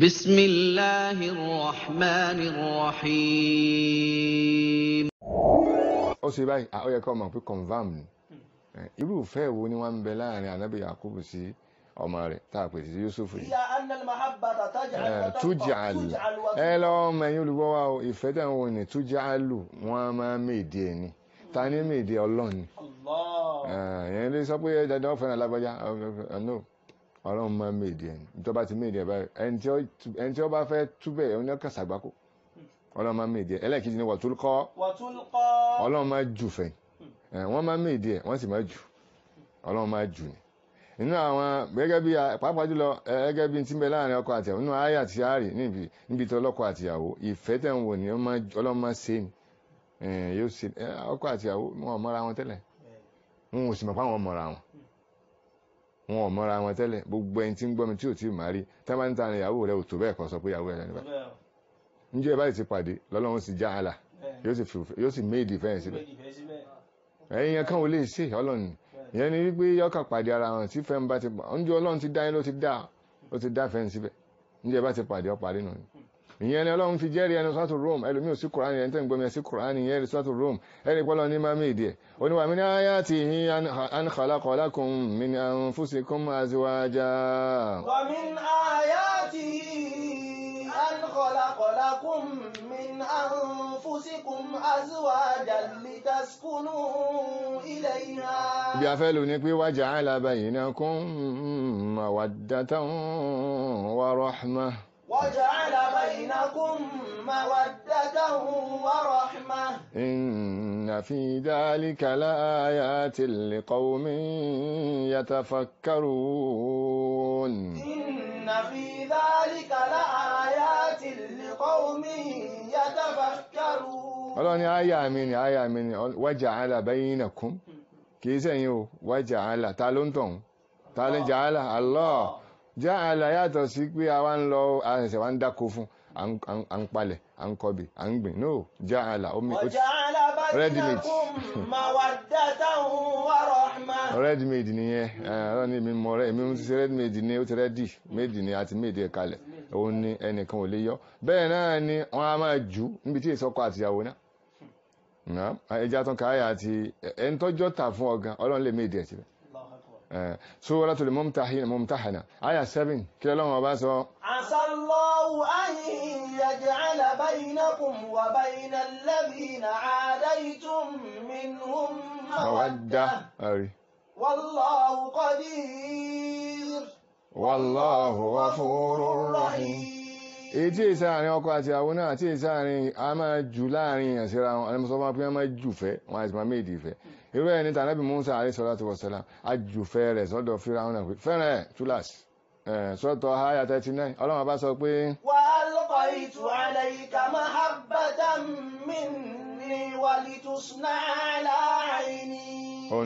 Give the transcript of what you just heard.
بسم الله الرحمن الرحيم ó ṣe báyìí ó yẹ kó mọ̀ pé confam ni eh, irú ìfẹ́ wo ni wọ́n ń bẹ láàrin ànábì yakubu sí ọmọ rẹ̀ tá a pè sí yusuf yìí. Eh, tujalu ẹ eh, lọ́wọ́ ọmọ ẹ̀yin olùgbọ́ wa o ìfẹ́ dẹ̀ ń wo ni tujalu wọ́n máa mèdè ẹ̀ ta ni mèdè ọlọ́run ni. ẹ̀yin sọ pé dandan fẹ́ràn lágbájá no ọlọ́run máa méèdì ẹ̀ nítorí bá ti méèdì ẹ̀ báyìí ẹni tí ó bá fẹ́ túbẹ̀ ẹ̀ ní ọkàn sàgbákò ọlọ́run máa méèdì ẹ̀ ẹlẹ́ẹ̀kejì ni wàtúlùkọ́ ọlọ́run máa jù fẹ̀ wọ́n máa méèdì ẹ̀ wọ́n sì máa jù ọlọ́run máa jù ni nínú àwọn gẹ́gẹ́ bí pàápàá jùlọ gẹ́gẹ́ bí ti ń bẹ láàrin ọkọ àtìyàwó nínú ayé àti àárì níbi níbi tí ọlọ́kọ àtìyàwó ìfẹ́ tẹ̀ ń wò ní ọlọ́run máa ṣe ni wọn ò mọra wọn tẹ́lẹ̀ gbogbo ẹni tí ń gbọ́ mi tí ò tí ì máa rí tá bá ń ta ìyàwó rẹ ò tó bẹ́ẹ̀ kọ́ sọ pé ìyàwó rẹ ní báyìí njẹ́ ẹ báyìí ti pàdé lọ́lọ́run sì já àlà yóò sì méèdì fẹ́yìn síbẹ̀ ẹ̀yin yẹn kàn ó ṣe ọlọ́run ìyẹn ni wípé yọkà pàdé ara wọn tí fẹ́ẹ́ bá ti pa njẹ́ ọlọ́run ti dá yín ló ti dá ó ti dá ẹ bá ti pàdé ọ parí nù ni ìyẹn ni ọlọ́run fi jẹ́rìí ẹnu sọ́tò rome ẹlòmí sí kùránì ẹni tẹ́ ń sí kùránì yẹ́rìí sọ́tò rome ẹni pọ́lọ́ ní má méèdì ẹ̀ e. oníwà mí ní ayá ti hí an khalaqo lakum min anfusikum azwaja. wa min ayatihi أن خلق لكم من أنفسكم أزواجا لتسكنوا إليها بيافلو نكبي وجعل بينكم مودة ورحمة وجعل بينكم مودة ورحمة إن في ذلك لآيات لقوم يتفكرون إن في ذلك لآيات لقوم يتفكرون ألوني آية أميني آية أميني وجعل بينكم كيف سنيو وجعل تالونتون تالي آه. جعل الله já àlà yàtọ̀ sí pé a wá ń lọ àṣẹ̀ṣẹ̀ wá ń dáko fún à ń palẹ̀ à ń kọbi à ń gbìn no já àlà omi ready made ready made nìyẹn ọ̀rọ̀ ni èmi mọ̀ rẹ̀ èmi ń ṣe ready ni ó ti ready made ni àti made ẹ̀ kalẹ̀ òun ni ẹnìkan ò lè yọ bẹ́ẹ̀ náà ni wọ́n á máa jù níbi tí ìsọ́kọ àtìyàwó náà ẹja tán káyà àti ẹni tọ́jọ́ tà fún ọ̀gán ọlọ́run lè made ẹ̀ síbẹ̀ Eh, Suratul Mumtahina Mumtahina àyà 7 kí Ọlọ́run ọba sọ. Asallahu an yaj'ala bainakum wa bainal ladhina 'adaytum minhum mawaddah. Wallahu qadir. Wallahu ghafurur rahim èyí tí èsì àárín ọkọ àti àwọn náà tí èsì àárín a máa jù láàrin èèyàn síra wọn ẹni sọfún apẹ́ máa jù fẹ́ wọn àti máa méjì fẹ́ irú ẹ̀ ní tànàbí Musa alayhi salatu wa salam àjùfẹ́ rẹ̀ sọ́dọ̀ fíra wọn náà fẹ́rẹ̀ ẹ̀ túláàsì sọ́tọ̀ àyà 39 ọlọ́run bá sọ pé. wà á lọ́kọ̀ ìtù alayka mahabbatan minni walitusna'a